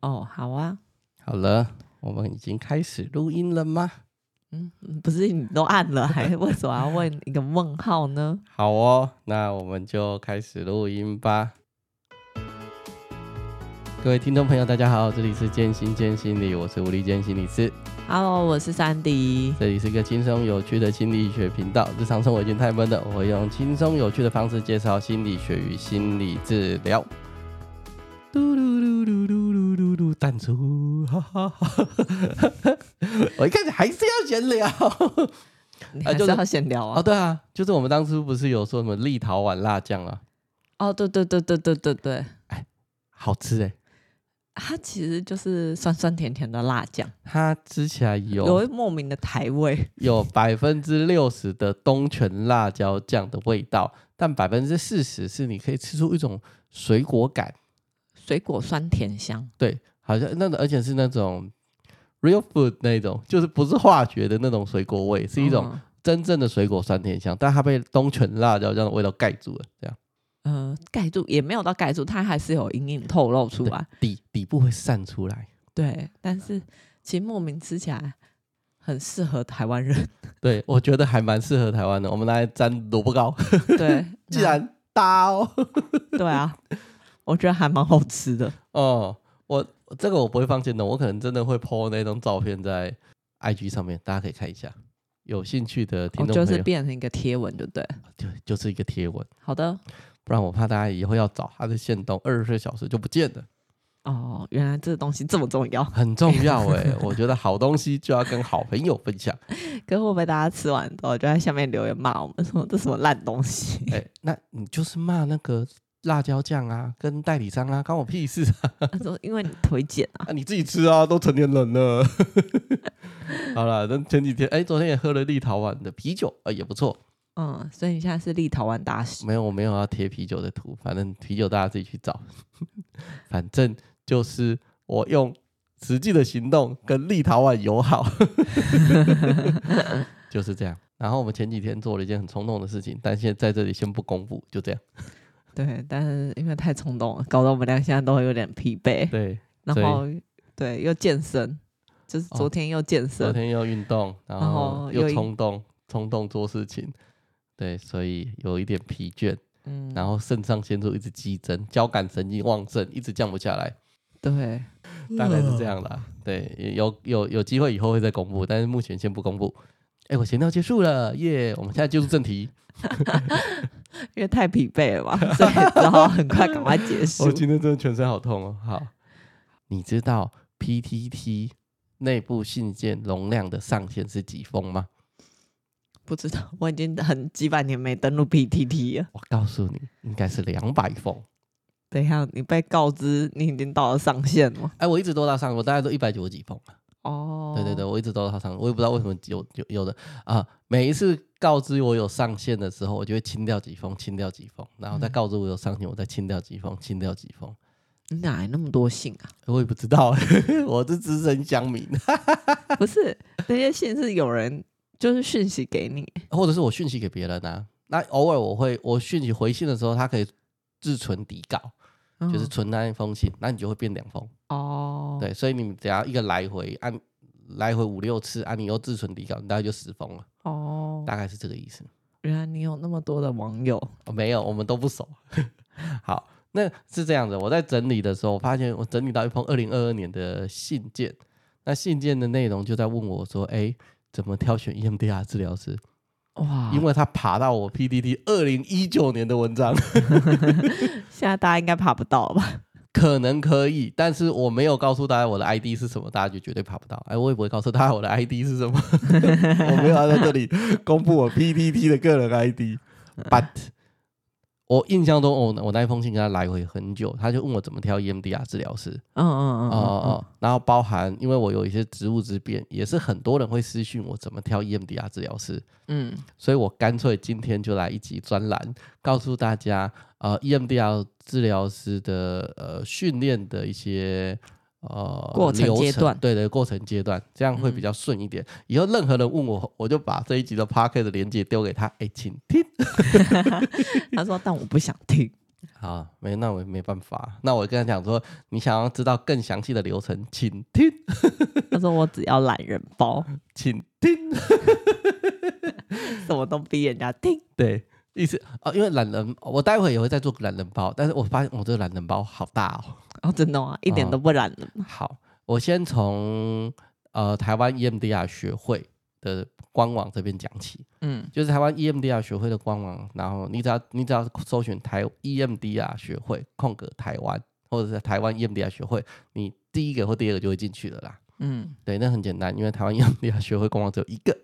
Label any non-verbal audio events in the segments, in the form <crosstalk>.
哦，oh, 好啊，好了，我們已經開始錄音了嗎？嗯，不是你都按了，還為什麼要問一個問號呢？ <laughs> 好哦，那我們就開始錄音吧。音各位聽眾朋友，大家好，這裡是健心見心理，我是吳理健心理師。Hello，我是 Sandy。這裡是一個輕鬆有趣的心理學頻道。日常生活已經太悶了，我會用輕鬆有趣的方式介紹心理學與心理治療。嘟嚕我一開始還是要閒聊，你還是要閒聊啊、呃，就是，哦，對啊，就是我們當初不是有說什麼立陶宛辣醬啊？哦，對對對對對對對，哎、好吃哎！它其實就是酸酸甜甜的辣醬，它吃起來有有莫名的台味，有百分之六十的東泉辣椒醬的味道， <laughs> 但百分之四十是你可以吃出一種水果感，水果酸甜香，對。好像那而且是那種 real food 那種，就是不是化學的那種水果味，是一種真正的水果酸甜香，但它被東泉辣椒這樣的味道蓋住了，這樣。呃，蓋住也沒有到蓋住，它還是有隱隱透露出來，底底部會散出來。對，但是其實莫名吃起來很適合台灣人。對，我覺得還蠻適合台灣的。我們來沾蘿蔔糕。 <laughs> 對，既然刀、哦， <laughs> 對啊，我覺得還蠻好吃的。哦，我。這個我不會放限動。我可能真的會 po 那張照片在 IG 上面，大家可以看一下。有興趣的聽眾朋友，哦、就是變成一個貼文對，對不對？就是一個貼文。好的，不然我怕大家以後要找他的限動二十四小時就不見了。哦，原來這個東西這麼重要，很重要哎、欸！ <laughs> 我覺得好東西就要跟好朋友分享。可是我被大家吃完之後就在下面留言罵我們說，說這什麼爛東西？哎、欸，那你就是罵那個。辣椒醬啊，跟代理商啊，關我屁事啊！啊因為你腿剪啊，啊你自己吃啊，都成年人了。 <laughs> 好了，那前幾天哎、欸，昨天也喝了立陶宛的啤酒，呃、欸，也不錯。嗯，所以你現在是立陶宛大使？沒有，我沒有要貼啤酒的圖，反正啤酒大家自己去找。 <laughs> 反正就是我用實際的行動跟立陶宛友好、 <laughs> 嗯，就是這樣。然後我們前幾天做了一件很衝動的事情，但現在在這裡先不公布，就這樣。對，但是因為太衝動了，搞得我們倆現在都有點疲憊。對，然後以對又健身，就是昨天又健身，哦，昨天又運動，然後又衝動，衝動做事情，對，所以有一點疲倦。嗯，然後腎上腺素一直激增，交感神經旺盛，一直降不下來。對，大概是這樣啦。對，有有有機會以後會再公布，但是目前先不公布。哎，我閒聊結束了，耶，yeah！我們現在進入正題。 <laughs> <laughs> 因為太疲憊了嘛，所以然後很快趕快結束。 <laughs> 我今天真的全身好痛哦。好，你知道 P T T 內部信件容量的上限是幾封嗎？不知道，我已經很幾百年沒登錄 P T T 了。我告訴你，應該是兩百封。嗯、等一下，你被告知你已經到了上限了嗎？哎，我一直都到上，我大概都一百九十幾封了、啊。哦，oh，對對對，我一直都在上，我也不知道為什麼有有有的啊、呃。每一次告知我有上線的時候，我就會清掉幾封，清掉幾封，然後再告知我有上線，我再清掉幾封，清掉幾封、嗯。你哪來那麼多信啊？我也不知道，呵呵我是資深鄉民哈，哈哈哈。不是，那些信是有人就是訊息給你， <laughs> 或者是我訊息給別人啊。那偶爾我會我訊息回信的時候，他可以自存底稿。就是存在那一封信，哦，、那你就會變兩封哦。對，所以你只要一,一個來回按、啊、來回五六次，啊，你又自存底稿，你大概就十封了。哦，大概是這個意思。原來你有那麼多的網友？哦，、沒有，我們都不熟。 <laughs> 好，那是這樣子。我在整理的時候，我發現我整理到一封二零二二年的信件，那信件的內容就在問我說：“哎，怎麼挑選 EMDR 治療師？”哇，因為他爬到我 PPT 二零一九年的文章。 <laughs> 現在大家應該爬不到吧？可能可以，但是我沒有告訴大家我的 ID 是什麼，大家就絕對爬不到。哎，我也不會告訴大家我的 ID 是什麼， <laughs> 我沒有要在這裡公布我 PTT 的個人 ID。 <laughs> But。我印象中，我我那一封信跟他來回很久，他就問我怎麼挑 EMDR 治療師，嗯嗯嗯嗯，然後包含因為我有一些職務之便，也是很多人會私訊我怎麼挑 EMDR 治療師，嗯，所以我乾脆今天就來一集專欄，告訴大家，呃，EMDR 治療師的呃訓練的一些。呃，過程階段程，對的，過程階段，這樣會比較順一點。嗯、以後任何人問我，我就把這一集的 Podcast 的鏈接丟給他，哎、欸，請聽。 <laughs> <laughs> 他說：“但我不想聽。”好，沒，那我沒辦法。那我跟他講說：“你想要知道更詳細的流程，請聽。 <laughs> ”他說：“我只要懶人包，請聽。”哈哈哈哈哈，什麼都逼人家聽。對，意思啊、哦，因為懶人，我待會也會再做懶人包，但是我發現我這個懶人包好大哦。哦，哦，真的啊，一點都不然了。的。好，我先從呃台灣 EMDR 學會的官網這邊講起。嗯，就是台灣 EMDR 學會的官網，然後你只要你只要搜尋台 EMDR 學會空格台灣，或者是台灣 EMDR 學會，你第一個或第二個就會進去了啦。嗯，對，那很簡單，因為台灣 EMDR 學會官網只有一個，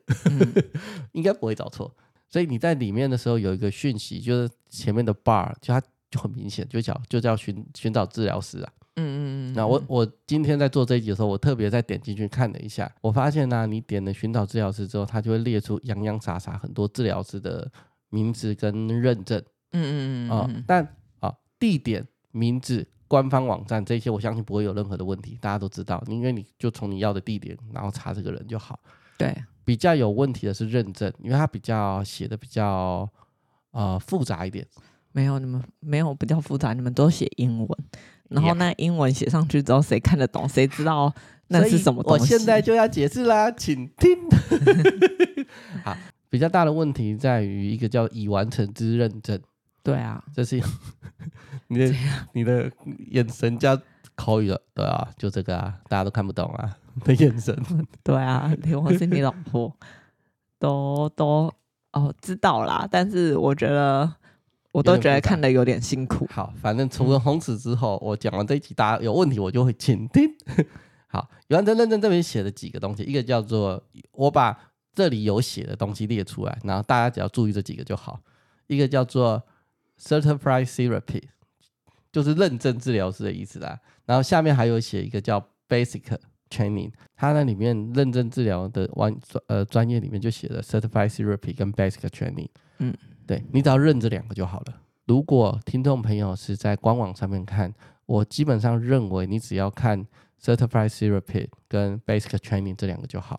<laughs> 應該不會找錯。所以你在裡面的時候有一個訊息，就是前面的 bar，就它。就很明顯，就叫就叫尋尋找治療師啊。嗯嗯嗯。那我我今天在做這一集的時候，我特別再點進去看了一下，我發現呢、啊，你點了尋找治療師之後，它就會列出洋洋灑灑很多治療師的名字跟認證。嗯，嗯嗯嗯。啊、呃，但啊、呃、地點、名字、官方網站這些，我相信不會有任何的問題。大家都知道，因為你就從你要的地點，然後查這個人就好。對，比較有問題的是認證，因為它比較寫的比較呃複雜一點。沒有你們沒有比較複雜，你們都寫英文，然後那英文寫上去之後，誰看得懂？誰知道那是什麼東西？我現在就要解釋啦，請聽。 <laughs> 好，比較大的問題在於一個叫已完成之認證。對啊，就是你的樣你的眼神加口語了，對啊，就這個啊，大家都看不懂啊，的眼神。 <laughs> 對啊，連我是你老婆都都哦知道啦，但是我覺得。我都覺得看得有點辛苦有有。好，反正除了紅紙之後，嗯、我講完這一集，大家有問題我就會傾聽。 <laughs> 好，原則認證這邊寫了幾個東西，一個叫做我把這裡有寫的東西列出來，然後大家只要注意這幾個就好。一個叫做 Certified Therapy，就是認證治療師的意思啦。然後下面還有寫一個叫 Basic Training，它那裡面認證治療的專呃專業裡面就寫了 Certified Therapy 跟 Basic Training。嗯。對，你只要認這兩個就好了。如果聽眾朋友是在官網上面看，我基本上認為你只要看 Certified Therapist 跟 Basic Training 這兩個就好。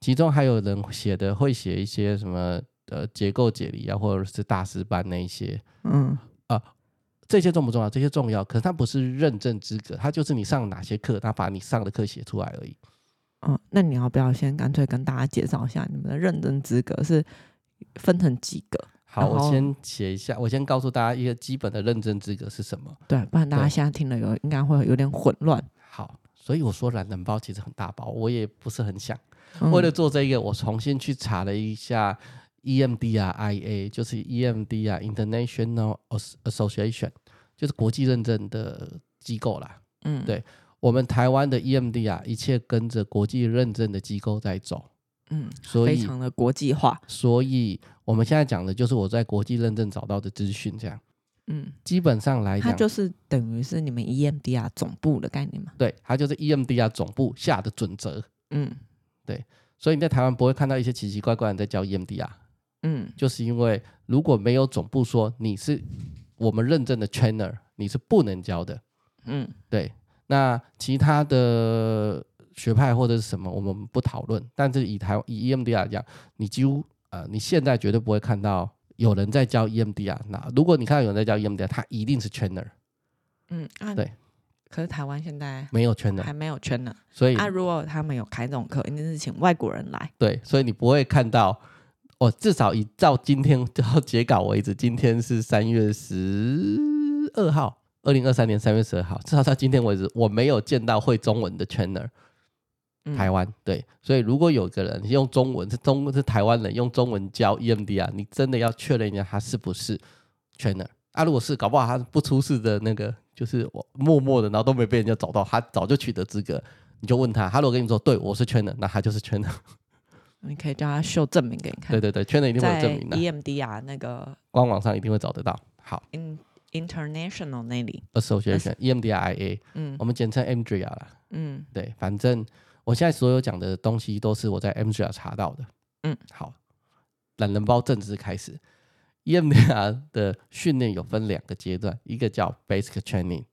其中還有人寫的會寫一些什麼呃結構解離啊，或者是大師班那一些，嗯啊、呃、這些重不重要？這些重要，可是它不是認證資格，它就是你上哪些課，它把你上的課寫出來而已。嗯，那你要不要先乾脆跟大家介紹一下你們的認證資格是？分成幾個？好，後我先寫一下。我先告訴大家一個基本的認證資格是什麼？對，不然大家現在聽了有對應該會有點混亂。好，所以我說懶人包其實很大包，我也不是很想。嗯、為了做這個，我重新去查了一下 EMDRIA，就是 EMDR International Association 就是國際認證的機構啦。嗯，對，我們台灣的 EMDR，一切跟着國際認證的機構在走。嗯，所以非常的國際化。所以我們現在講的就是我在國際認證找到的資訊，這樣。嗯，基本上來講，它就是等於是你們 EMDR 總部的概念嗎？對，它就是 EMDR 總部下的準則。嗯，對。所以你在台灣不會看到一些奇奇怪怪的在教 EMDR。嗯，就是因為如果沒有總部說你是我們認證的 trainer，你是不能教的。嗯，對。那其他的。學派或者是什麼，我們不討論。但是以台灣以 EMDR 來講，你幾乎呃，你現在絕對不會看到有人在教 EMDR 那如果你看到有人在教 EMDR，他一定是 trainer 嗯，啊、對。可是台灣現在沒有 trainer 還沒有 trainer 所以,所以啊，如果他們有開這種課，一定是請外國人來。對，所以你不會看到，我、哦、至少以到今天到截稿為止，今天是三月十二號，二零二三年三月十二號，至少到今天為止，我沒有見到會中文的 trainer 台灣對，所以如果有個人用中文是中文是台灣人用中文教 EMDR 你真的要確認一下他是不是 trainer 啊？如果是，搞不好他不出事的那個，就是我默默的，然後都沒被人家找到，他早就取得資格，你就問他。他如果跟你說對我是 trainer，那他就是 trainer。你可以叫他 show 證明給你看。對對對，trainer 一定會有證明的。EMDR 那個官網上一定會找得到。好，International 那裡 Association EMDRIA，嗯，我們簡稱 m d a 啦。嗯，對，反正。我現在所有講的東西都是我在 MGR 查到的。嗯，好，懶人包正式開始。EMDR 的訓練有分兩個階段，一個叫 Basic Training。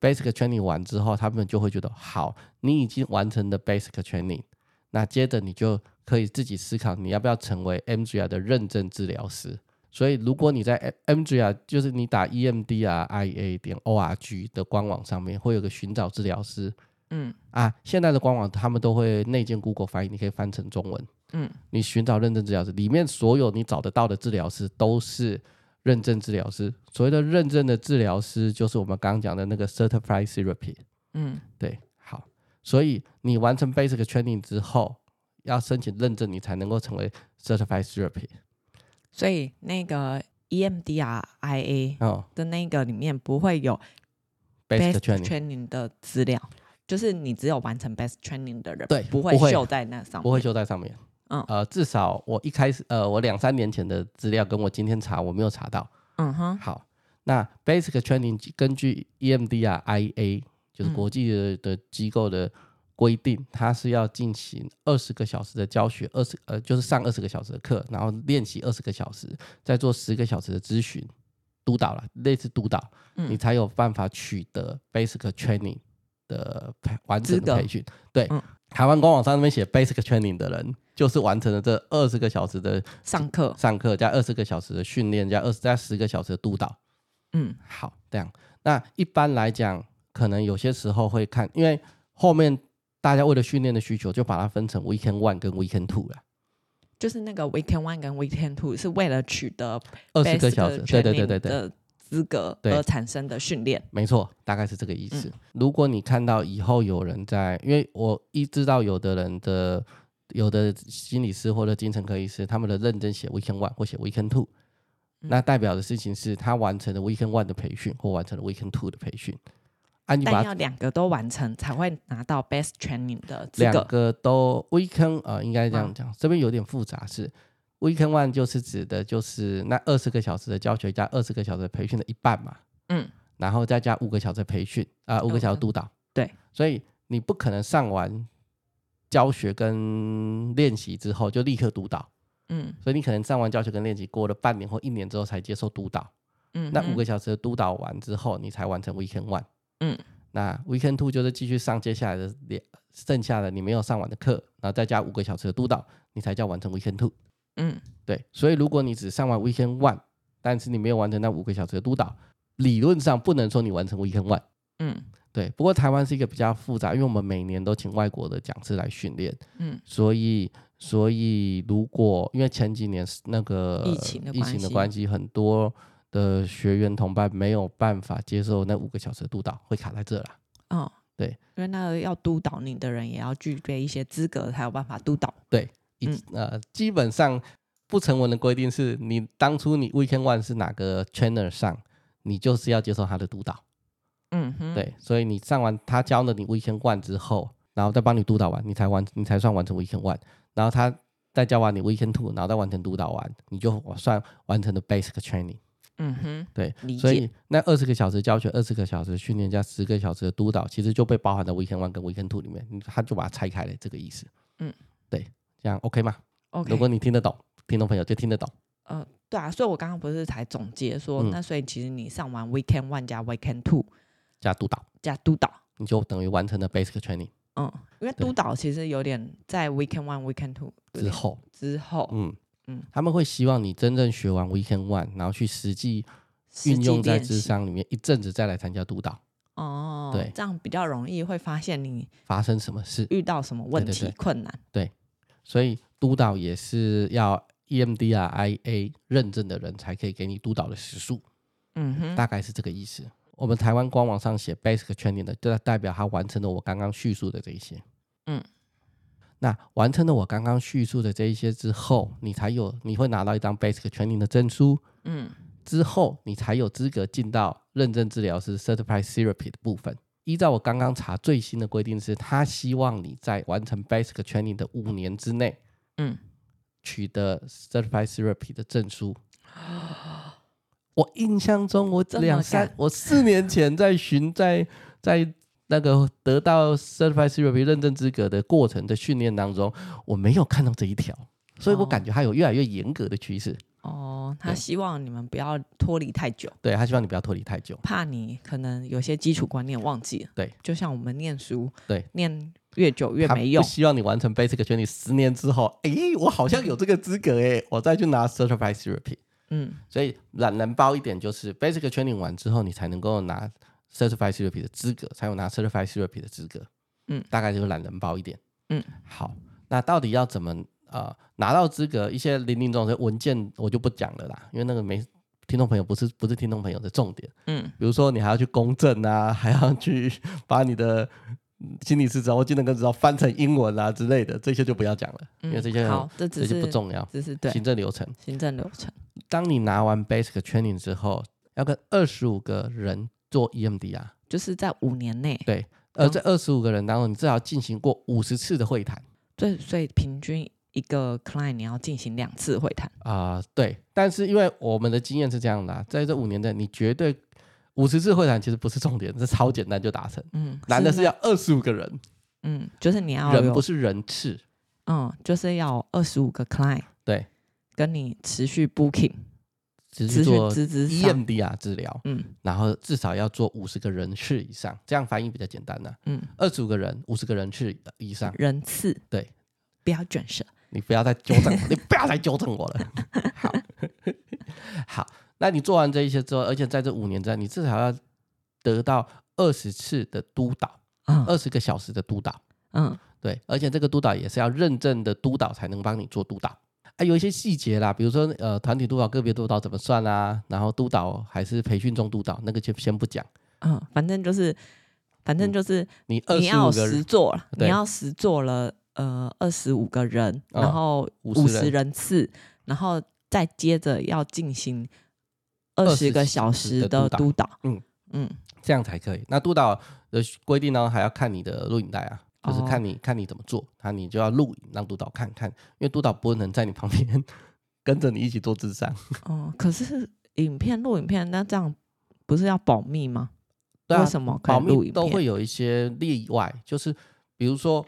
Basic Training 完之後，他們就會覺得好，你已經完成了 Basic Training。那接着你就可以自己思考，你要不要成為 MGR 的認證治療師？所以，如果你在 MGR，就是你打 EMDRIA 點 ORG 的官網上面，會有個尋找治療師。嗯啊，現在的官網他們都會內建 Google 翻譯，你可以翻成中文。嗯，你尋找認證治療師，裡面所有你找得到的治療師都是認證治療師。所謂的認證的治療師，就是我們剛剛講的那個 certified therapist。嗯，對，好。所以你完成 basic training 之後，要申請認證，你才能夠成為 certified therapist。所以那個 EMDRIA 的那個裡面不會有 basic training 的資料。就是你只有完成 basic training 的人，對，不會秀在那上面，不會，啊、不會秀在上面。嗯，呃，至少我一開始，呃，我兩三年前的資料跟我今天查，我沒有查到。嗯哼，好，那 basic training 根據 EMDRIA 就是國際的、嗯、的機構的規定，它是要進行二十個小時的教學，二十呃就是上二十個小時的課，然後練習二十個小時，再做十個小時的諮詢督導了，類似督導，你才有辦法取得 basic training。嗯的完成培訓，資格對，嗯，台灣官網上面寫 basic training 的人，就是完成了這二十個小時的上課、上課加二十個小時的訓練，加二十加十個小時的督導。嗯，好，這樣，那一般來講，可能有些時候會看，因為後面大家為了訓練的需求，就把它分成 weekend one 跟 weekend two 了。就是那個 weekend one 跟 weekend two 是為了取得二十個小時，對對對對對，對。資格而產生的訓練，沒錯，大概是這個意思。嗯嗯、如果你看到以後有人在，因為我一知道有的人的、有的心理師或者精神科醫師，他們的認真寫 weekend one 或寫 weekend two、嗯、那代表的事情是他完成了 weekend one 的培訓或完成了 weekend two 的培訓。啊、你把兩個都完成才會拿到 best training 的資格。兩個都 weekend 啊、呃，應該這樣講，嗯、這邊有點複雜是。Weekend One 就是指的，就是那二十個小時的教學加二十個小時的培訓的一半嘛，嗯，然後再加五個小時的培訓啊，五、呃、Okay. 五個小時督導，對，所以你不可能上完教學跟練習之後就立刻督導，嗯，所以你可能上完教學跟練習過了半年或一年之後才接受督導，嗯,嗯，那五個小時的督導完之後你才完成 Weekend One，嗯，那 Weekend Two 就是繼續上接下來的剩下的你沒有上完的課，然後再加五個小時的督導，你才叫完成 Weekend Two。嗯，對，所以如果你只上完 weekend one，但是你沒有完成那五個小時的督導，理論上不能說你完成 weekend one，嗯，對。不過台灣是一個比較複雜，因為我們每年都請外國的講師來訓練。嗯，所以，所以如果因為前幾年那個疫情的疫情，疫情的關係，很多的學員同伴沒有辦法接受那五個小時的督導，會卡在這了。哦，對，因為那個要督導你的人，也要具備一些資格才有辦法督導。對。一，呃，基本上不成文的規定是，你當初你 Weekend One 是哪個 trainer 上，你就是要接受他的督導。嗯哼，對，所以你上完他教了你 Weekend One 之後，然後再幫你督導完，你才完，你才算完成 Weekend One。然後他再教完你 Weekend Two，然後再完成督導完，你就算完成了 Basic Training。嗯哼，對，理解。所以那二十個小時教學、二十個小時訓練加十個小時的督導，其實就被包含在 Weekend One 跟 Weekend Two 裡面，他就把它拆開了，這個意思。嗯，對。這樣 OK 嗎？如果你聽得懂，聽眾朋友就聽得懂。嗯，對啊，所以我剛剛不是才總結說，那所以其實你上完 Weekend One 加 Weekend Two 加督導加督導，你就等於完成了 Basic Training。嗯，因為督導其實有點在 Weekend One Weekend Two 之後之後。嗯嗯，他們會希望你真正學完 Weekend One，然後去實際運用在諮商裡面一陣子再來參加督導。哦，對，這樣比較容易會發現你發生什麼事，遇到什麼問題困難。對。所以督導也是要 EMDRIA 認證的人才可以給你督導的時數，嗯哼，大概是這個意思。我們台灣官網上寫 Basic Training 的，就代表他完成了我剛剛敘述的這一些，嗯，那完成了我剛剛敘述的這一些之後，你才有你會拿到一張 Basic Training 的證書，嗯，之後你才有資格進到認證治療師 Certified Therapist 的部分。依照我剛剛查最新的規定是，他希望你在完成 basic training 的五年之內，嗯，取得 certified therapy 的證書。啊，我印象中我兩三我四年前在尋在在那個得到 certified therapy 認證資格的過程的訓練當中，我沒有看到這一條，所以我感覺它有越來越嚴格的趨勢。哦，他希望你們不要脫離太久。對，他希望你不要脫離太久，怕你可能有些基礎觀念忘記了。對，就像我們念書，對，念越久越沒用。他希望你完成 basic training 十年之後，哎，我好像有這個資格哎， <laughs> 我再去拿 certified therapy。嗯，所以懶人包一點就是 basic training 完之後，你才能夠拿 certified therapy 的資格，才有拿 certified therapy 的資格。嗯，大概就是懶人包一點。嗯，好，那到底要怎麼，呃拿到資格，一些零零總總文件我就不講了啦，因為那個沒聽眾朋友不是不是聽眾朋友的重點。嗯，比如說你還要去公證啊，還要去把你的心理諮詢師證或技能神科證翻成英文啊之類的，這些就不要講了，嗯、因為這些好，這,這些不重要，只是對行政流程。行政流程。當你拿完 basic training 之後，要跟二十五個人做 EMDR 就是在五年內對，這而這二十五個人當中，你至少進行過五十次的會談。對所以平均。一個 client 你要進行兩次會談啊、呃，對，但是因為我們的經驗是這樣的、啊，在這五年內，你絕對五十次會談其實不是重點，這超簡單就達成。嗯，難的是要二十五個人，嗯，就是你要人不是人次，嗯，就是要二十五個 client，、嗯就是、client 對，跟你持續 booking，持、持續做 EMDR 啊治療，嗯，然後至少要做五十個人次以上，這樣翻譯比較簡單呢、啊，嗯，二十五個人，五十個人次以上人次，對，不要捲舌。你不要再糾正我， <laughs> 你不要再糾正我了。好好，那你做完這一些之後，而且在這五年之內，你至少要得到二十次的督導，二十、嗯、個小時的督導。嗯，對，而且這個督導也是要認證的督導才能幫你做督導。啊、哎，有一些細節啦，比如說呃，團體督導、個別督導怎麼算啊？然後督導還是培訓中督導，那個就先不講。嗯，反正就是，反正就是你二十五個人你要實做對你要實做了。呃，二十五個人，嗯、然後五十人次，嗯、然後再接着要進行二十個小時的督導。嗯嗯，嗯，這樣才可以。那督導的規定呢，還要看你的錄影帶啊，就是看你、哦、看你怎麼做，那你就要錄影讓督導看看，因為督導不能在你旁邊跟着你一起做諮商。哦、嗯，可是影片錄影片，那這樣不是要保密嗎？對啊，為什麼保密都會有一些例外，就是比如說。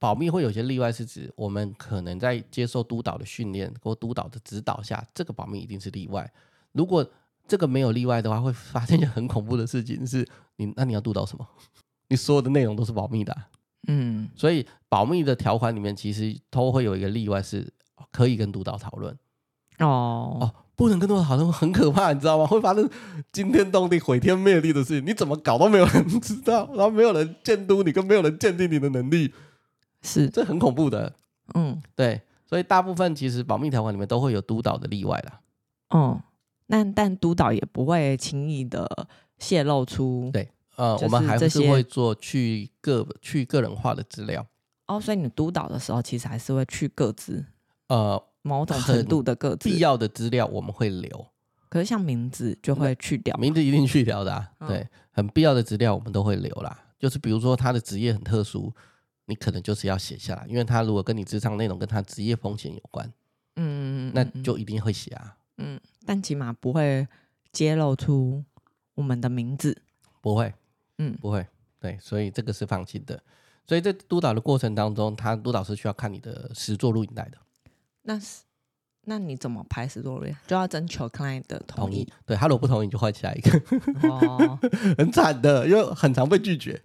保密會有些例外，是指我們可能在接受督導的訓練或督導的指導下，這個保密一定是例外。如果這個沒有例外的話，會發生一件很恐怖的事情，是你，那你要督導什麼？ <laughs> 你所有的內容都是保密的啊，嗯，所以保密的條款裡面其實都會有一個例外，是可以跟督導討論。哦哦，不能跟督導討論，很可怕，你知道嗎？會發生驚天動地、毀天滅地的事情，你怎麼搞都沒有人知道，然後沒有人監督你，跟沒有人鑑定你的能力。是、嗯，這很恐怖的。嗯，對，所以大部分其實保密條款裡面都會有督導的例外啦。哦、嗯，那但，但督導也不會輕易的洩露出。對，呃，我們還是會做去個些去個人化的資料。哦，所以你督導的時候，其實還是會去個資，呃，某種程度的個資必要的資料我們會留，可是像名字就會去掉、嗯，名字一定去掉的，啊。嗯、對，很必要的資料我們都會留啦，就是比如說他的職業很特殊。你可能就是要寫下來，因為他如果跟你職場內容跟他職業風險有關，嗯，那就一定會寫啊，嗯，但起碼不會揭露出我們的名字，不會，嗯，不會，對，所以這個是放心的。所以在督導的過程當中，他督導是需要看你的實作錄影帶的。那是那你怎麼拍實作錄影？就要徵求 client 的同意，同意，對，他如果不同意，就換下一個， <laughs> 哦、 <laughs> 很慘的，因為很常被拒絕。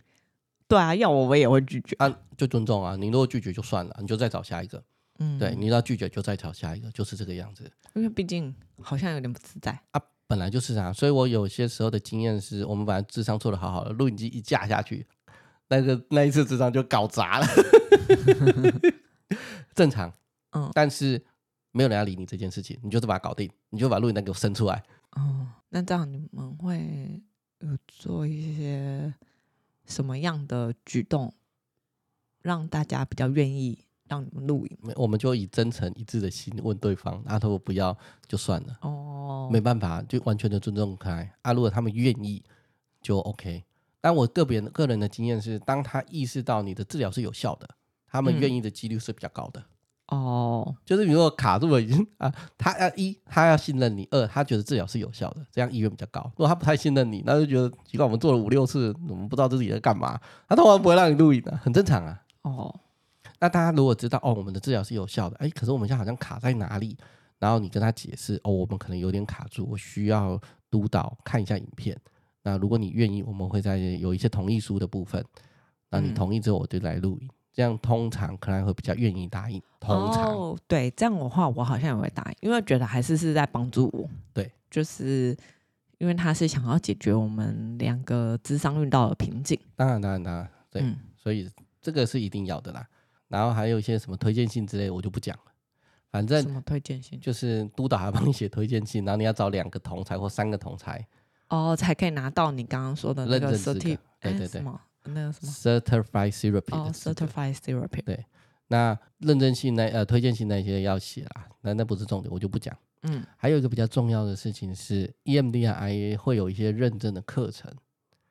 對啊，要我我也會拒絕。啊，就尊重啊，你如果拒絕就算了，你就再找下一個。嗯，對，你要拒絕就再找下一個，就是這個樣子。因為畢竟好像有點不自在。啊，本來就是啊，所以我有些時候的經驗是我們把諮商做得好好的，錄音機一架下去，那個那一次諮商就搞砸了。 <laughs> <laughs> 正常，嗯，但是沒有人要理你這件事情，你就是把它搞定，你就把錄音帶給我生出來。哦，那這樣你們會做一些。什麼樣的舉動讓大家比較願意讓你們錄影？我們就以真誠一致的心問對方，啊，他說我不要就算了，哦，沒辦法，就完全的尊重開。啊，如果他們願意，就 OK。但我個別個人的經驗是，當他意識到你的治療是有效的，他們願意的幾率是比較高的。嗯哦，oh、就是比如說卡住了已經啊，他要一他要信任你，二他覺得治療是有效的，這樣意願比較高。如果他不太信任你，那就覺得，儘管我們做了五六次，我們不知道自己在幹嘛，他通常不會讓你錄影的、啊，很正常啊。哦，那大家如果知道哦，我們的治療是有效的，哎，可是我們現在好像卡在哪裡？然後你跟他解釋，哦，我們可能有點卡住，我需要督導看一下影片。那如果你願意，我們會在有一些同意書的部分，那你同意之後，我就來錄影。嗯這樣通常可能會比較願意答應。通常、哦、對，這樣的話我好像也會答應，因為覺得還是是在幫助我。對，就是因為他是想要解決我們兩個諮商遇到的瓶頸。當然當然當然，對，嗯、所以這個是一定要的啦。然後還有一些什麼推薦信之類，我就不講了。反正推薦信就是督導來幫你寫推薦信，薦信然後你要找兩個同儕或三個同儕，哦，才可以拿到你剛剛說的那個實體，對對對。那什麼 certified therapy 哦 certified therapy 對，那認證性那呃推薦性那些要寫啦、啊，那那不是重點，我就不講。嗯，還有一個比較重要的事情是 EMDRIA 會有一些認證的課程，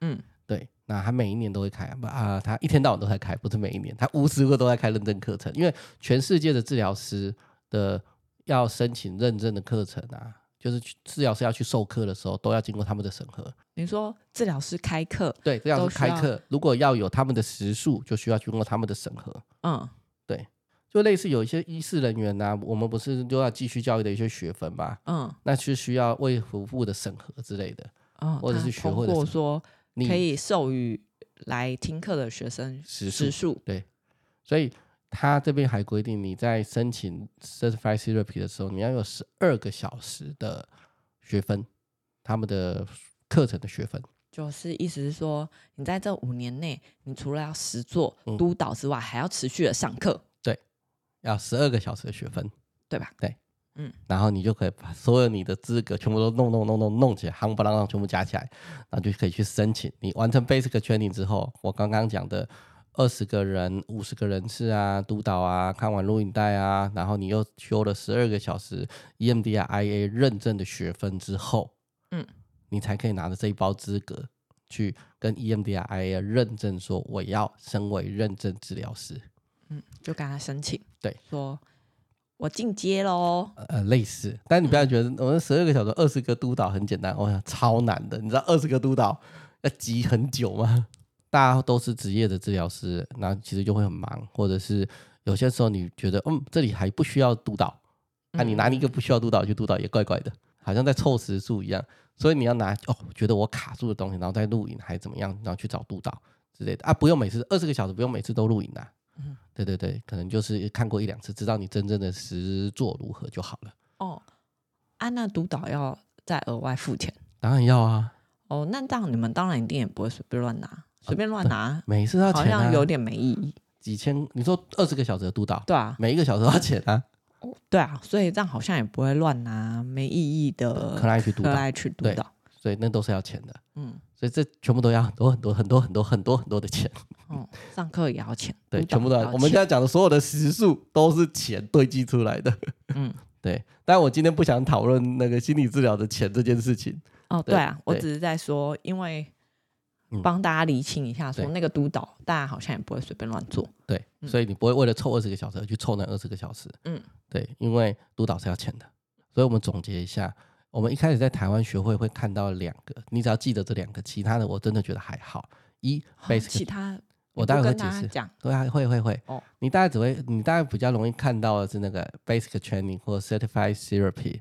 嗯，對，那他每一年都會開啊，不、呃、啊，他一天到晚都在開，不是每一年，他無時無刻都在開認證課程，因為全世界的治療師的要申請認證的課程啊。就是治療師要去授課的時候，都要經過他們的審核。你說治療師開課，對，治療師開課，如果要有他們的時數，就需要經過他們的審核。嗯，對，就類似有一些醫事人員呢、啊，我們不是都要繼續教育的一些學分吧？嗯，那是需要為服務的審核之類的，或者是通過說核你可以授予來聽課的學生時數。對，所以。他這邊還規定，你在申請 certified therapist 的時候，你要有十二個小時的學分，他們的課程的學分。就是意思是說，你在這五年內，你除了要實做督導之外，嗯、還要持續的上課。對，要十二個小時的學分，對吧？對，嗯，然後你就可以把所有你的資格全部都弄弄弄弄弄弄起來，夯不啷啷，全部加起來，然後就可以去申請。你完成 basic training 之後，我剛剛講的。二十個人，五十個人次啊，督導啊，看完錄影帶啊，然後你又修了十二個小時 EMDRIA 認證的學分之後，嗯，你才可以拿着這一包資格去跟 EMDRIA 認證說我要升為認證治療師，嗯，就跟他申請，對，說我進階嘍、呃。呃，類似，但你不要覺得我們十二個小時，二十個督導很簡單，哇、嗯哦，超難的，你知道二十個督導要積很久嗎？大家都是職業的治療師，那其實就會很忙，或者是有些時候你覺得，嗯，這裡還不需要督導，那、啊、你拿一個不需要督導去督導也怪怪的，好像在湊時數一樣。所以你要拿，哦，覺得我卡住的東西，然後再錄影還是怎麼樣，然後去找督導之類的啊，不用每次二十個小時，不用每次都錄影啊。嗯，對對對，可能就是看過一兩次，知道你真正的實作如何就好了。哦，啊，那督導要再額外付錢？當然要啊。哦，那這樣你們當然一定也不會隨便亂拿。隨便亂拿，每次都要錢。好像有點沒意義。幾千，你說二十個小時的督導，對啊，每一個小時都要錢啊，對啊，所以這樣好像也不會亂拿，沒意義的。可來去督導，可所以那都是要錢的，嗯，所以這全部都要很多很多很多很多很多很多的錢。嗯，上課也要錢，對，全部都要。我們現在講的所有的時數都是錢堆積出來的，嗯，對。但我今天不想討論那個心理治療的錢這件事情。哦，對啊，我只是在說，因為。嗯、幫大家理清一下說，說對那個督導，大家好像也不會隨便亂做。做對，嗯、所以你不會為了湊二十個小時而去湊那二十個小時。嗯，對，因為督導是要錢的。所以我們總結一下，我們一開始在台灣學會會看到兩個，你只要記得這兩個，其他的我真的覺得還好。一、哦、Basic 其他我待會會解釋，我跟大家講，對啊、會會會會、哦、你大概只會，你大概比較容易看到的是那個 basic training 或者 certified therapy。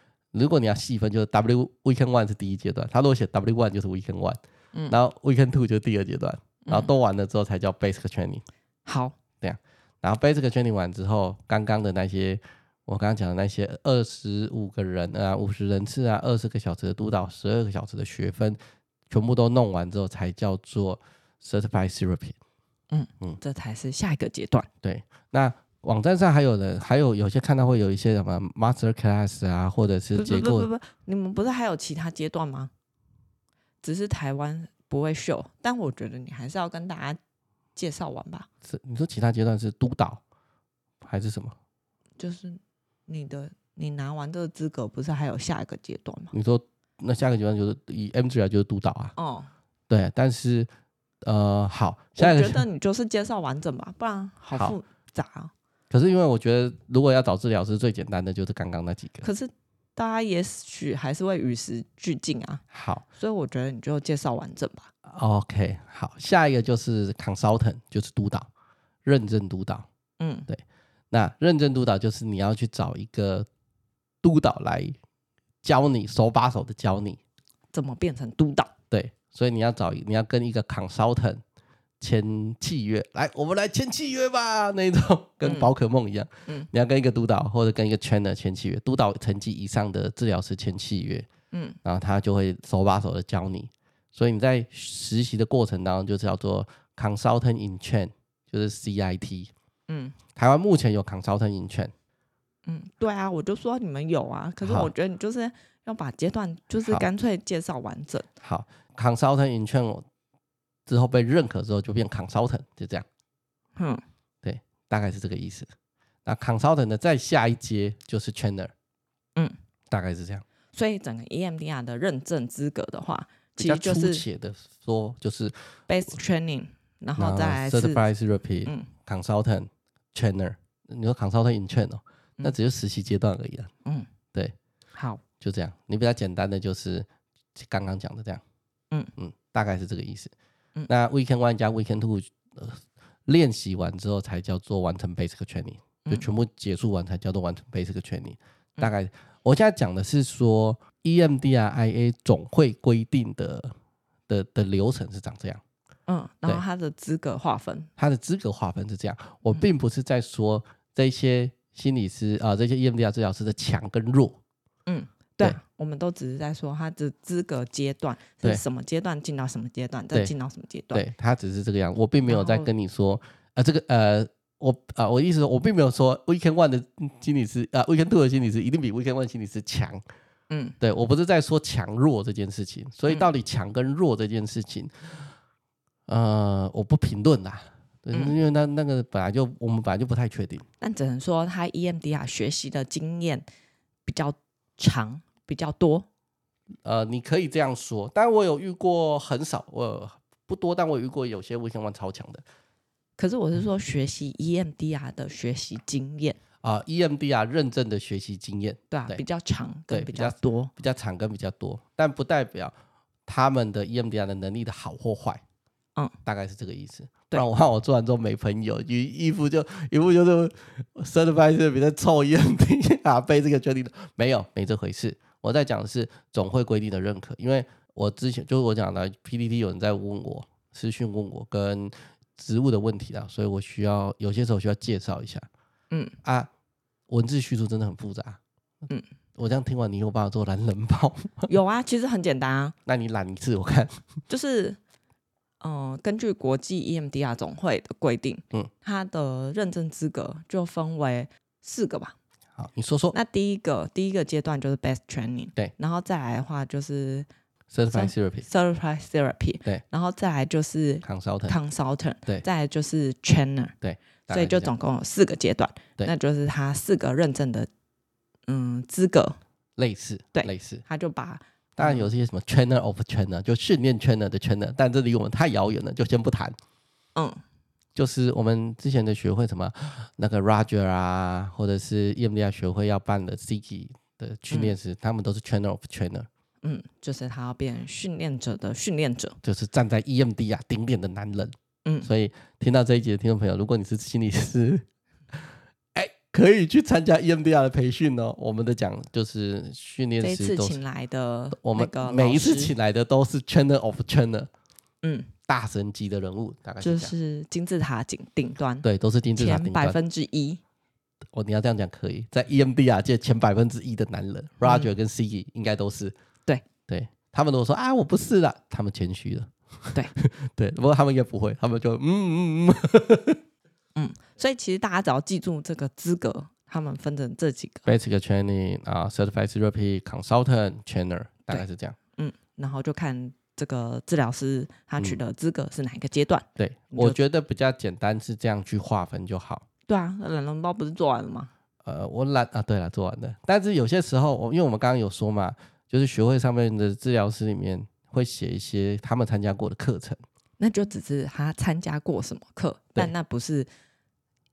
如果你要細分，就是 W Weekend One 是第一階段，他如果寫 W One 就是 Weekend One，然後 Weekend Two 就是第二階段，嗯、然後都完了之後才叫 Basic Training。好，這樣、啊，然後 Basic Training 完之後，剛剛的那些我剛剛講的那些二十五個人啊，五十人次啊，二十個小時的督導，十二個小時的學分，全部都弄完之後才叫做 Certified Therapy，嗯嗯，嗯這才是下一個階段。對，那。網站上還有人，還有有些看到會有一些什麼 master class 啊，或者是結構不不不不不你們不是還有其他階段嗎？只是台灣不會 show，但我覺得你還是要跟大家介紹完吧。是你說其他階段是督導還是什麼？就是你的你拿完這個資格，不是還有下一個階段嗎？你說那下一個階段就是 EMDR 就是督導啊？哦，對，但是呃好，下一個我覺得你就是介紹完整吧，不然好複雜啊。可是因為我覺得，如果要找治療師，最簡單的就是剛剛那幾個。可是大家也許還是會與時俱進啊。好，所以我覺得你就介紹完整吧。OK，好，下一個就是 consultant，就是督導，認證督導。嗯，對，那認證督導就是你要去找一個督導來教你，手把手的教你怎麼變成督導。對，所以你要找，你要跟一個 consultant。簽契約，來，我們來簽契約吧，那種跟寶可夢一樣，嗯嗯、你要跟一個督導或者跟一個圈的 a 簽契約，督導成級以上的治療師簽契約，嗯、然後他就會手把手的教你，所以你在實習的過程當中就是叫做 consultant in t r e n，就是 CIT，嗯，台灣目前有 consultant in t r e n。嗯，對啊，我就說你們有啊，可是我覺得你就是要把階段就是乾脆介紹完整，好，好，consultant in t r e n 我。之後被認可之後就變 consultant 就這樣，嗯，對，大概是這個意思。那 consultant 的再下一階就是 trainer，嗯，大概是這樣。所以整個 EMDR 的認證資格的話，其實就是寫的說就是 base training，然後再 certified therapist，嗯，consultant trainer。你說 consultant in training 哦，嗯，那只是實習階段而已，啊。嗯，對，好，就這樣。你比較簡單的就是剛剛講的這樣，嗯嗯，大概是這個意思。嗯、那 weekend one 加 weekend two 練、呃、習完之後，才叫做完成 basic training、嗯、就全部結束完才叫做完成 basic training、嗯。大概、嗯、我現在講的是說 EMDRIA 總會規定的的的流程是長這樣。嗯，然後它的資格劃分，它的資格劃分是這樣。我並不是在說這些心理師啊、嗯呃，這些 EMDRIA 治療師的強跟弱。嗯。對，對我們都只是在說他的資格階段是什麼階段，進到什麼階段，對再進到什麼階段。對他只是這個樣子，我並沒有在跟你說啊後、呃，這個呃，我啊、呃，我意思我並沒有說 Weekend One 的經理師，啊 Weekend Two 的經理師一定比 Weekend One 的經理師強。嗯，對，我不是在說強弱這件事情，所以到底強跟弱這件事情，嗯、呃，我不評論啦、嗯，因為那那個本來就我們本來就不太確定。但只能說他 EMDR 學習的經驗比較長。比較多，呃，你可以這樣說，但我有遇過很少，我有不多，但我遇過有些五千萬超強的。可是我是說學習 EMDR 的學習經驗啊、嗯呃、，EMDR 認證的學習經驗，對吧、啊對？比較長，對，比較多，比較長，跟比較多，但不代表他們的 EMDR 的能力的好或壞，嗯，大概是這個意思。對不然我看我做完之後沒朋友，一步就一步就是生的發現，比較臭 EMDR 背這個決定的，沒有，沒這回事。我在講的是總會規定的認可，因為我之前就是我講的 PPT 有人在問我私訊問我跟職務的問題啊，所以我需要有些時候需要介紹一下。嗯啊，文字敘述真的很複雜。嗯，我這樣聽完你有辦法做懶人包？ <laughs> 有啊，其實很簡單啊。那你懶一次我看， <laughs> 就是嗯、呃，根據國際 EMDR 總會的規定，嗯，它的認證資格就分為四個吧。好你說說那第一個第一個階段就是 best training 對然後再來的話就是 Certified Therapy 對然後再來就是 Consultant 再來就是 Trainer 對所以就總共有四個階段那就是他四個認證的嗯資格類似對類似他就把當然有些什麼 Trainer of Trainer 就訓練 Trainer 的 Trainer 但這離我們太遙遠了就先不談嗯就是我們之前的學會什麼那個 Roger 啊，或者是 EMDR 學會要辦的 C 級的訓練師，嗯、他們都是 trainer of trainer 嗯，就是他要變訓練者的訓練者，就是站在 EMDR 頂點的男人。嗯，所以聽到這一集的聽眾朋友，如果你是心理師，哎，可以去參加 EMDR 的培訓哦。我們的講就是訓練師都，這次請來的我們每一次請來的都是 trainer of trainer 嗯。大神級的人物，大概是就是金字塔頂頂端，對，都是金字塔百分之一。哦，你要這樣講可以，在 EMDR 界前百分之一的男人、嗯、，Roger 跟 c e 應該都是。對，對他們都說啊我不是的，他們謙虛了。對 <laughs> 對，不過他們應該不會，他們就嗯嗯嗯， <laughs> 嗯。所以其實大家只要記住這個資格，他們分成這幾個：basic training 啊，certified therapy consultant trainer，對大概是這樣。嗯，然後就看。這個治療師他取得資格、嗯、是哪一個階段？對，就我覺得比較簡單，是這樣去劃分就好。對啊，懶人包不是做完了嗎？呃，我懶啊，對了，做完了。但是有些時候，我因為我們剛剛有說嘛，就是學會上面的治療師裡面會寫一些他們參加過的課程，那就只是他參加過什麼課，對但那不是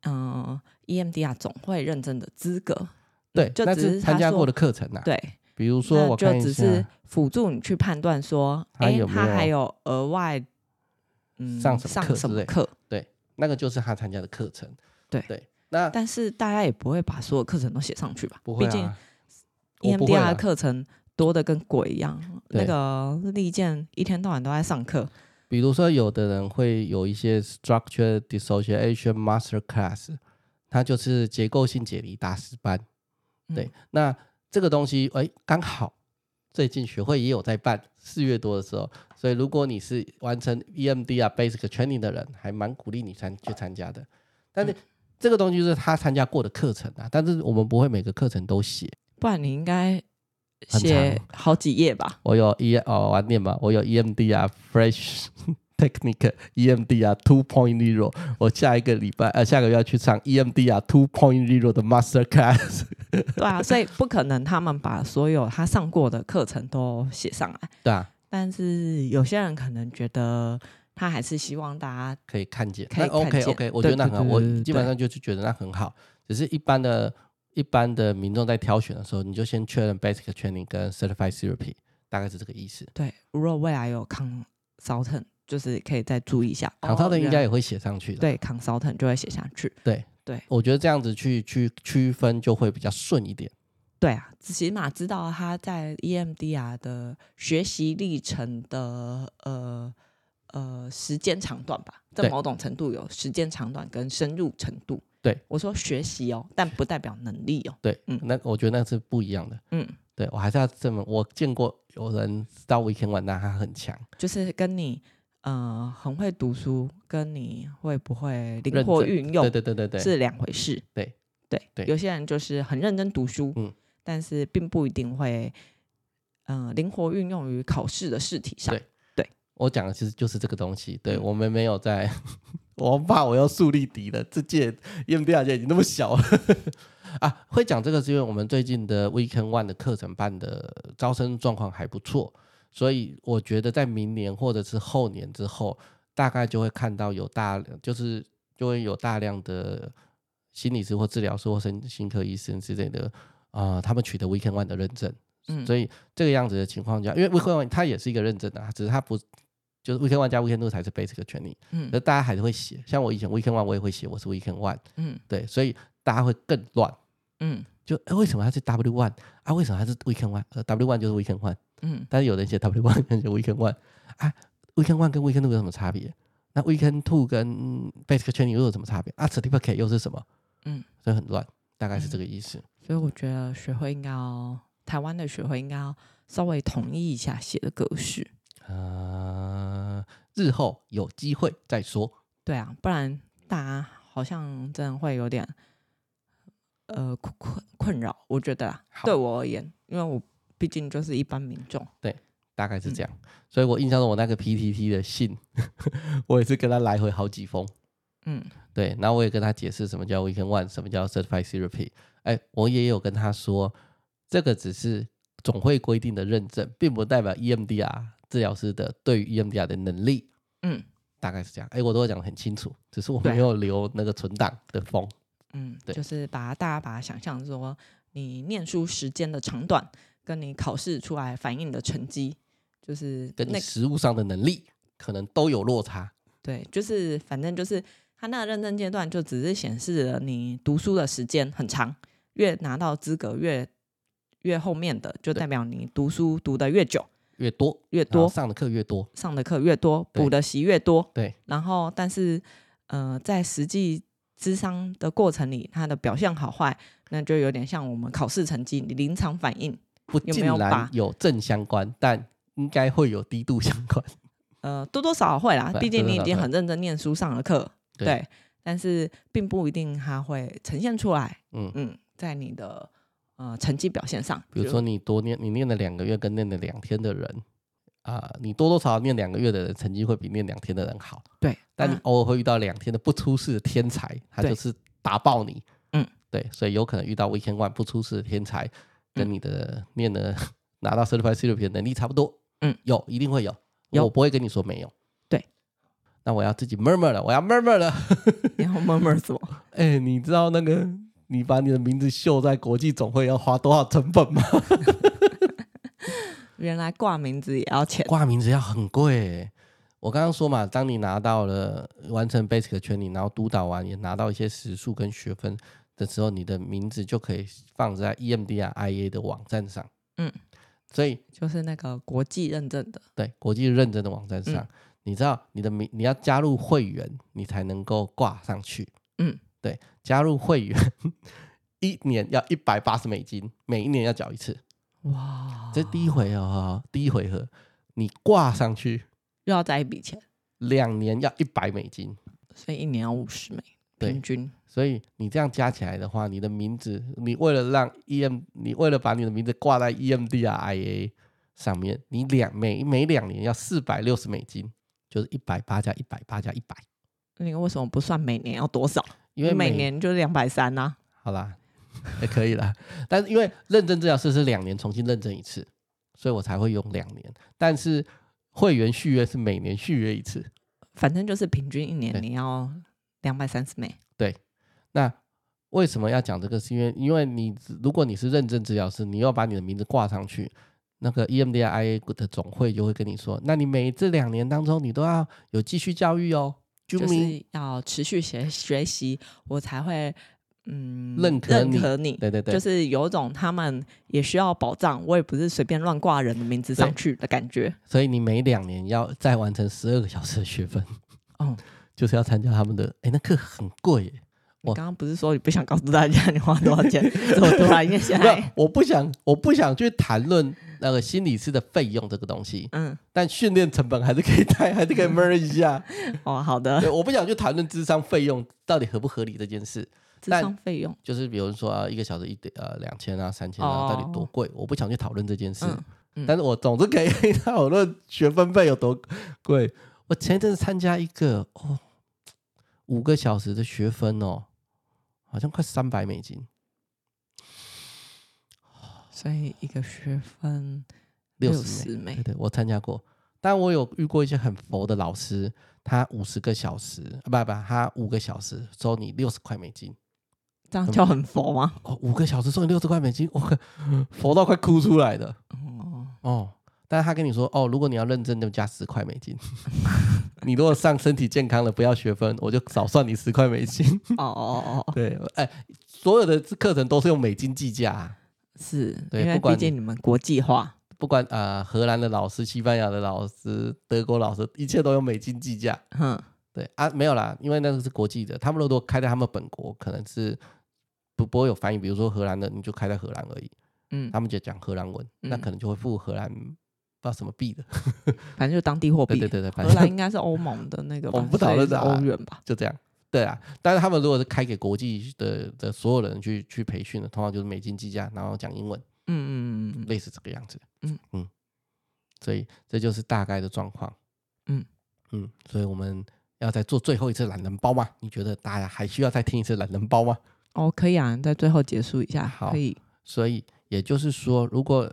嗯、呃、EMDR 總會認證的資格。對、嗯，就只是參加過的課程啊。對。比如說我那就只是輔助你去判斷說，哎，他還有額外，嗯，上上什麼課？對，那個就是他參加的課程。對對，那但是大家也不會把所有課程都寫上去吧？啊、畢竟 EMDR 的課程多得跟鬼一樣。啊、那個利劍一天到晚都在上課。比如說，有的人會有一些 Structure Dissociation Master Class，他就是結構性解離大師班。對，嗯、那。這個東西哎，剛好最近學會也有在辦四月多的時候，所以如果你是完成 EMDR Basic Training 的人，還蠻鼓勵你參去參加的。但是、嗯、這個東西就是他參加過的課程啊，但是我們不會每個課程都寫，不然你應該寫好幾頁吧。我有 EM 哦，我念嘛，我有 EMDR Fresh。 <laughs> Technique EMDR Two Point Zero，我下一個禮拜呃，下個月要去上 EMDR Two Point Zero 的 Master Class。對啊，所以不可能他們把所有他上過的課程都寫上來。對啊，但是有些人可能覺得他還是希望大家可以看見。可以看見，那可以看見 OK OK，我覺得那個我基本上就是覺得那很好。呃、只是一般的、一般的民眾在挑選的時候，你就先確認 Basic Training 跟 Certified Therapy，大概是這個意思。對，如果未來有 Consultant。就是可以再注意一下 consultant 應該也會寫上去的。對，consultant 就會寫上去。對對，對我覺得這樣子去去區分就會比較順一點。對啊，起碼知道他在 EMDR 的學習歷程的呃呃時間長短吧，在某種程度有時間長短跟深入程度。對，我說學習哦，但不代表能力哦。對，嗯，那我覺得那是不一樣的。嗯，對我還是要這麼。我見過有人知道 weekend one，那他很強，就是跟你。嗯、呃，很會讀書，跟你會不會靈活運用，對對對對對，是兩回事。對對對，有些人就是很認真讀書，嗯，但是並不一定會，嗯、呃，靈活運用於考試的試題上。對對，對對我講的其實就是這個東西。對、嗯、我們沒有在， <laughs> 我怕我要樹立敵了，這屆因為 EMDR 界已經那麼小了 <laughs> 啊。會講這個是因為我們最近的 Weekend One 的課程辦的招生狀況還不錯。所以我覺得在明年或者是後年之後，大概就會看到有大，就是就會有大量的心理師或治療師或身心科醫生之類的啊、呃，他們取得 Weekend One 的認證。嗯，所以這個樣子的情況下，因為 Weekend One 它也是一個認證的、啊，只是它不就是 Weekend One 加 Weekend Two 才是 basic 的權利。嗯，那大家還是會寫，像我以前 Weekend One 我也會寫我是 Weekend One。嗯，對，所以大家會更亂。嗯，就為什麼它是 W One 啊？為什麼它是 Weekend One？呃、啊、，W One 就是 Weekend One。嗯，但是有人寫 W one，有人寫 Weekend one，哎、啊、，Weekend one 跟 Weekend two 有什麼差別？那 Weekend two 跟 Basic training 又有什麼差別？啊，Certificate 又是什麼？嗯，所以很亂，大概是這個意思、嗯。所以我覺得學會應該要台灣的學會應該要稍微統一一下寫的格式。呃，日後有機會再說。對啊，不然大家好像真的會有點呃困困困擾。我覺得啦好對我而言，因為我。畢竟就是一般民眾，對，大概是這樣。嗯、所以我印象中，我那個 PTT 的信，嗯、 <laughs> 我也是跟他來回好幾封。嗯，對。然後我也跟他解釋什麼叫 Weekend One，什麼叫 Certified Therapy。哎、欸，我也有跟他說，這個只是總會規定的認證，並不代表 EMDR 治療師的對於 EMDR 的能力。嗯，大概是這樣。哎、欸，我都會講得很清楚，只是我沒有留那個存檔的封。對嗯，對。就是把大家把它想象說，你念書時間的長短。跟你考試出來反映你的成績，就是跟實務上的能力可能都有落差。對，就是反正就是他那個認證階段就只是顯示了你讀書的時間很長，越拿到資格越越後面的就代表你讀書讀得越久，越多越多上的課越多上的課越多補的習越多。對，對然後但是呃在實際諮商的過程裡，他的表現好壞那就有點像我們考試成績臨場反應。不儘然有正相關，但應該會有低度相關。呃，多多少少會啦，畢對竟你已經很認真念書上了課，對。對對但是並不一定它會呈現出來。嗯嗯，在你的呃成績表現上，比如說你多念你念了兩個月跟念了兩天的人啊、呃，你多多少少念兩個月的人成績會比念兩天的人好。對。但你偶爾會遇到兩天的不出事的天才，他就是打爆你。嗯。對，所以有可能遇到一千萬不出事的天才。跟你的面的、嗯、拿到 Certified CP 的能力差不多，嗯，有，一定會有，有我不會跟你說沒有。對，那我要自己 murmur 了，我要 murmur 了。 <laughs> 你要 murmur 什麼哎、欸，你知道那個你把你的名字秀在國際總會要花多少成本嗎？ <laughs> <laughs> 原來掛名字也要錢，掛名字要很貴、欸。我剛剛說嘛，當你拿到了完成 Basic 的圈裡，然後督導完也拿到一些時數跟學分。的時候，你的名字就可以放在 EMDRIA 的網站上。嗯，所以就是那個國際認證的，對，國際認證的網站上，嗯，你知道你的名，你要加入會員，你才能夠掛上去。嗯，對，加入會員一年要一百八十美金，每一年要繳一次。哇，這第一回合哦，第一回合你掛上去又要再一筆錢，兩年要一百美金，所以一年要五十美，平均。所以你這樣加起來的話，你的名字，你為了讓 E M，你為了把你的名字掛在 E M D R I A 上面，你兩每每兩年要四百六十美金，就是一百八加一百八加一百。那個為什麼不算每年要多少？因為每，每年就是兩百三啊。好啦，也可以啦。 <laughs> 但是因為認證治療師是兩年重新認證一次，所以我才會用兩年。但是會員續約是每年續約一次，反正就是平均一年你要兩百三十美，對。對。那為什麼要講這個？是因為因為你如果你是認證治療師，你要把你的名字掛上去，那個 EMDRIA 的總會就會跟你說，那你每這兩年當中，你都要有繼續教育哦，就是要持續學學習，我才會嗯認可你。可你對對對，就是有種他們也需要保障，我也不是隨便亂掛人的名字上去的感覺。所以你每兩年要再完成十二個小時的學分，哦、嗯， <laughs> 就是要參加他們的。哎、欸，那課很貴耶。我剛剛不是說你不想告訴大家你花多少錢？ <laughs> <laughs> 我突然一下，不是，我不想，我不想去談論那個心理師的費用這個東西。嗯，但訓練成本還是可以談，還是可以 m 一下。哦，好的。我不想去談論諮商費用到底合不合理這件事。諮商費用就是比如說啊，一個小時一點呃兩千啊三千啊，啊哦，到底多貴？我不想去討論這件事。嗯嗯，但是我總是可以討論學分費有多貴。我前一陣參加一個哦，五個小時的學分哦。好像快三百美金，哦，所以一個學分六十美。美。對，對，我參加過，但我有遇過一些很佛的老師，他五十個小時，啊，不，不不，他五個小時收你六十塊美金，這樣叫很佛嗎？哦，五個小時收你六十塊美金，我呵呵、嗯、佛到快哭出來了。嗯、哦。但是他跟你說哦，如果你要認證，就加十塊美金。 <laughs> 你如果上身體健康了，不要學分，我就少算你十塊美金。哦哦哦哦，對，哎，所有的課程都是用美金計價，啊，是，不管對，畢竟你們國際化，不管啊，呃，荷蘭的老師、西班牙的老師、德國老師，一切都用美金計價。嗯，對啊，沒有啦，因為那個是國際的，他們如果開在他們本國，可能是不不會有翻譯。比如說荷蘭的，你就開在荷蘭而已，嗯，他們就講荷蘭文，嗯，那可能就會付荷蘭。不知道什麼幣的，反正就當地貨幣。 <laughs> 對對對，本來應該是歐盟的那個， <laughs> 是歐元吧？就這樣。對啊，但是他們如果是開給國際的的所有人去去培訓的，通常就是美金計價，然後講英文。嗯嗯嗯嗯，嗯嗯類似這個樣子。嗯嗯，所以這就是大概的狀況。嗯嗯，所以我們要再做最後一次懶人包嗎？你覺得大家還需要再聽一次懶人包嗎？哦，可以啊，在最後結束一下。好，可以。所以也就是說，如果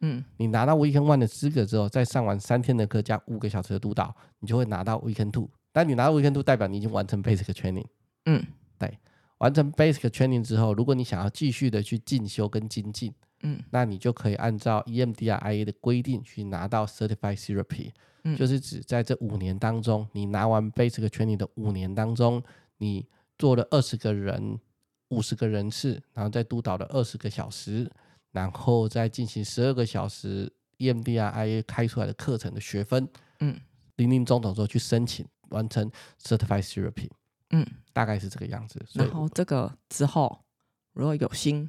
嗯，你拿到 Weekend One 的資格之後，再上完三天的課加五個小時的督導，你就會拿到 Weekend Two。但你拿到 Weekend Two，代表你已經完成 Basic Training。嗯，對，完成 Basic Training 之後，如果你想要繼續的去進修跟精進，嗯，那你就可以按照 EMDRIA 的規定去拿到 Certified Therapy。嗯，就是指在這五年當中，你拿完 Basic Training 的五年當中，你做了二十個人，五十個人次，然後再督導了二十個小時。然後再進行十二個小時 EMDRIA 開出來的課程的學分，嗯，林林總總之後去申請完成 Certified Therapist，嗯，大概是這個樣子。然後這個之後如果有心，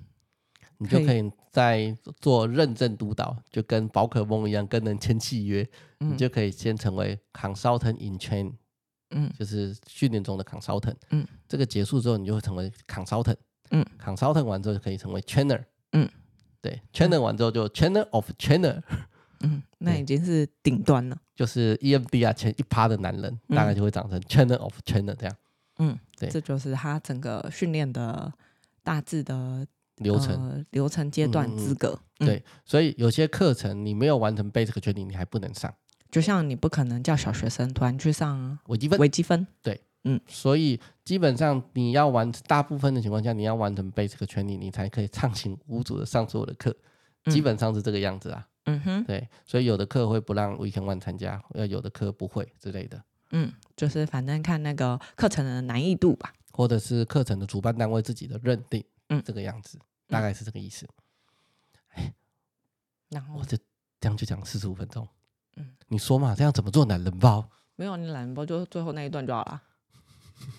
你就可以再做認證督導，以就跟寶可夢一樣跟人簽契約，嗯、你就可以先成為 Consultant in Training 嗯，就是訓練中的 Consultant，嗯，這個結束之後你就會成為 Consultant，嗯，Consultant 完之後就可以成為 Trainer 嗯。對 trainer 完之後就 trainer of trainer 嗯，那已經是頂端了。就是 EMDR 前一趴的男人、嗯、大概就會長成 trainer of trainer 這樣。嗯，對，這就是他整個訓練的大致的流程、呃、流程階段、資格。對，所以有些課程你沒有完成 basic training，你還不能上。就像你不可能叫小學生突然去上微積分。微積分。對。嗯，所以基本上你要完，大部分的情況下，你要完成背這個權利，你才可以暢行無阻的上所有的課。嗯、基本上是這個樣子啊。嗯哼，對，所以有的課會不讓 weekend one 參加，要有的課不會之類的。嗯，就是反正看那個課程的難易度吧，或者是課程的主辦單位自己的認定。嗯，這個樣子大概是這個意思。哎、嗯，唉然後我這，這樣就講四十五分鐘。嗯，你說嘛，這樣怎麼做懶人包？沒有，你懶人包就最後那一段就好了。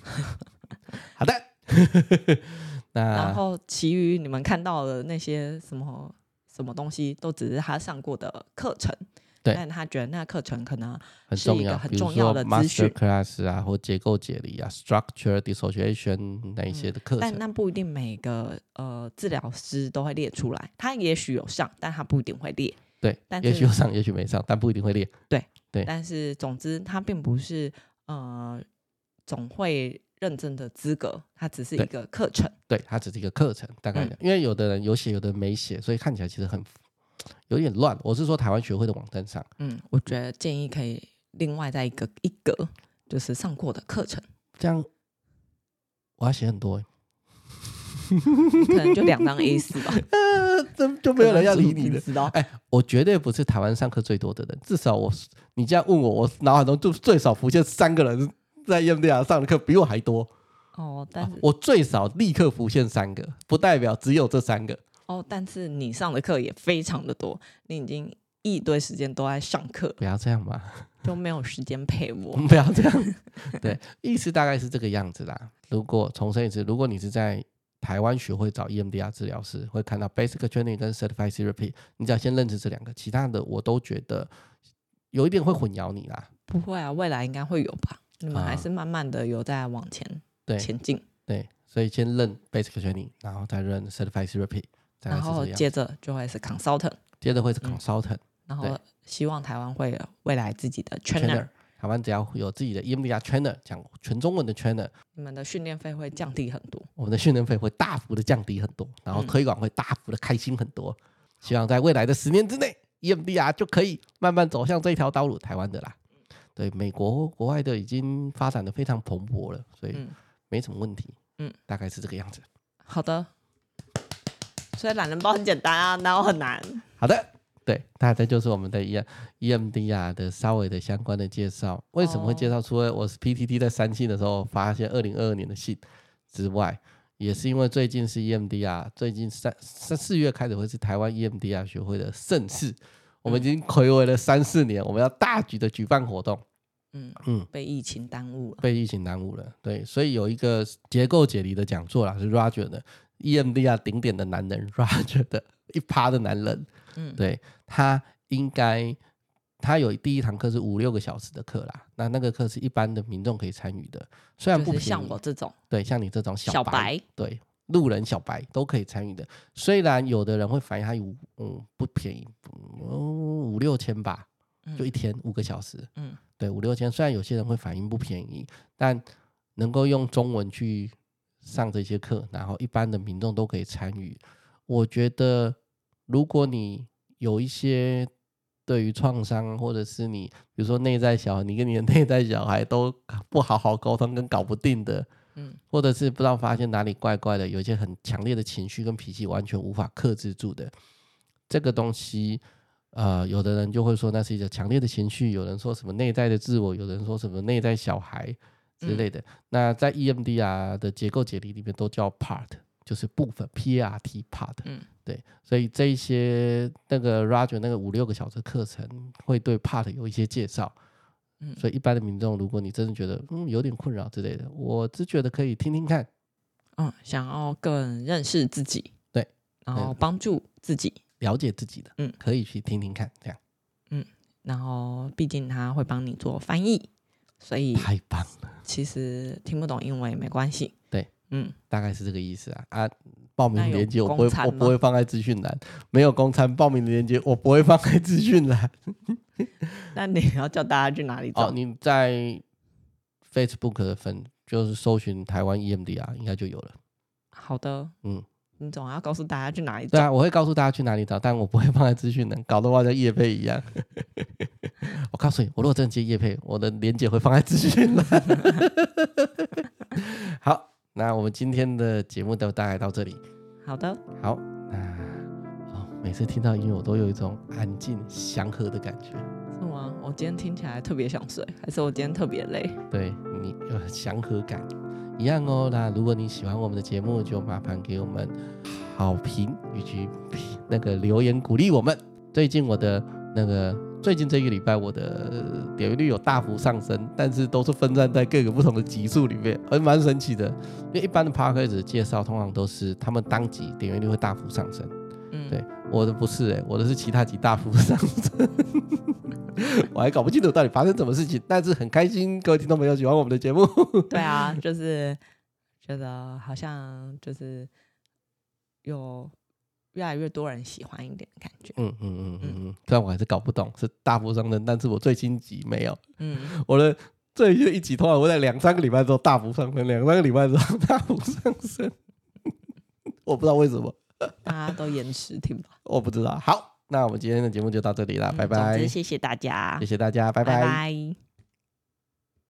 <laughs> 好的 <laughs> <laughs> 那，那然後其餘你們看到的那些什麼什麼東西，都只是他上過的課程。對，但他覺得那課程可能是一個很重要的資訊，比如 Master Class 啊，或結構解離啊，Structure Dissociation 哪一些的課程，嗯。但那不一定每個呃治療師都會列出來，他也許有上，但他不一定會列。對，但是也許有上，也許沒上，但不一定會列。對對，對但是總之，他並不是呃。總會認證的資格，它只是一個課程對。對，它只是一個課程。大概、嗯、因為有的人有寫，有的人沒寫，所以看起來其實很有點亂。我是說台灣學會的網站上，嗯，我覺得建議可以另外再一個一格，就是上過的課程。這樣我要寫很多、欸， <laughs> <laughs> 可能就兩張 A 四吧。呃、 <laughs> 啊，就就沒有人要理的 <laughs> 你了？哎、欸，我絕對不是台灣上課最多的人，至少我，你這樣問我，我腦海中就最少浮現三個人。在 EMDR 上的課比我還多哦，但是、啊、我最少立刻浮現三個，不代表只有這三個哦。但是你上的課也非常的多，你已經一堆時間都在上課，不要這樣吧，都沒有時間陪我。不要這樣，對， <laughs> 意思大概是這個樣子啦。如果重申一次，如果你是在台灣學會找 EMDR 治療師，會看到 Basic Training 跟 Certified Therapy，你只要先認識這兩個，其他的我都覺得有一點會混淆你啦。不會啊，未來應該會有吧。你們還是慢慢的有在往前，前、嗯，對前進，對，所以先認 basic training，然後再認 certified therapist，然後接着就會是 consultant，接着會是 consultant，、嗯、對然後希望台灣會有未來自己的 trainer，台灣只要有自己的 EMDR trainer，講全中文的 trainer，你們的訓練費會降低很多，我們的訓練費會大幅的降低很多，嗯、然後推廣會大幅的開心很多，希望在未來的十年之內，EMDR 就可以慢慢走向這條道路，台灣的啦。對美國國外的已經發展的非常蓬勃了，所以沒什麼問題。嗯，大概是這個樣子，嗯。好的。雖然懶人包很簡單啊，那我很難。好的，對，大概就是我們的 E EMDR 的稍微的相關的介紹。為什麼會介紹出來？我是 PTT 在三期的時候發現些二零二二年的信之外，也是因為最近是 EMDR，最近三三四月開始會是台灣 EMDR 學會的盛事。我們已經睽違了三四年，嗯、我們要大舉的舉辦活動，嗯嗯，嗯被疫情耽誤了，被疫情耽誤了，對，所以有一個結構解離的講座啦，是 Roger 的 EMDR 頂點的男人，Roger 的一趴的男人，嗯，對他應該他有第一堂課是五六個小時的課啦，那那個課是一般的民眾可以參與的，雖然不便宜，像我這種，對，像你這種小白，小白對。路人小白都可以參與的，雖然有的人會反映他有，嗯，不便宜，嗯，五六千吧，就一天五個小時，嗯，嗯對，五六千。雖然有些人會反映不便宜，但能夠用中文去上這些課，嗯，然後一般的民眾都可以參與。我覺得，如果你有一些對於創傷，或者是你比如說內在小孩，你跟你的內在小孩都不好好溝通，跟搞不定的。嗯，或者是不知道發現哪裡怪怪的，有一些很強烈的情緒跟脾氣，完全無法克制住的這個東西，呃，有的人就會說那是一個強烈的情緒，有人說什麼內在的自我，有人說什麼內在小孩之類的。那在 EMDR 的結構解離裡面都叫 part，就是部分，P、A、R、T part，嗯，對，所以這一些那個 Roger 那個五六個小時課程會對 part 有一些介紹。嗯、所以一般的民眾，如果你真的覺得嗯有點困擾之類的，我只覺得可以聽聽看，嗯，想要更認識自己，對，然後幫助自己、嗯、了解自己的，嗯，可以去聽聽看這樣，嗯，然後畢竟他會幫你做翻譯，所以太棒了，其實聽不懂英文也沒關係，對，嗯，大概是這個意思啊啊。報名鏈接有，我不會，我不會放在資訊欄。沒有公開報名的鏈接，我不會放在資訊欄。 <laughs> 但你要叫大家去哪裡找？哦，你在 Facebook 的粉，就是搜尋台灣 EMDR，應該就有了。好的，嗯，你總要告訴大家去哪裡找。對啊，我會告訴大家去哪裡找，但我不會放在資訊欄，搞得好像業配一樣。 <laughs> 我告訴你，我如果真的接業配，我的鏈接會放在資訊欄。 <laughs> <laughs> 好。那我們今天的節目就大概到這裡。好的，好，那、啊哦、每次聽到音樂，我都有一種安靜祥和的感覺，是嗎？我今天聽起來特別想睡，還是我今天特別累？對，你有祥和感一樣哦。那如果你喜歡我們的節目，就麻煩給我們好評以及那個留言鼓勵我們。最近我的那個。最近這一個禮拜，我的點閱率有大幅上升，但是都是分散在各個不同的集數裡面，還、哎，蠻神奇的。因為一般的 podcast 介紹通常都是他們當集點閱率會大幅上升，嗯，對，我的不是、欸，我的是其他集大幅上升， <laughs> 我還搞不清楚到底發生什麼事情，但是很開心，各位聽眾朋友喜歡我們的節目。 <laughs> 對啊，就是覺得好像就是有。越來越多人喜歡一點的感覺，嗯嗯嗯嗯嗯，嗯嗯嗯，雖然我還是搞不懂是大幅上升，但是我最新集沒有，嗯，我的最新一集，一集突然會在兩三個禮拜之後大幅上升，兩三個禮拜之後大幅上升， <laughs> 我不知道為什麼，大家都延遲聽吧， <laughs> 我不知道。好，那我們今天的節目就到這裡了，嗯、拜拜，謝謝大家，謝謝大家，拜拜。拜拜。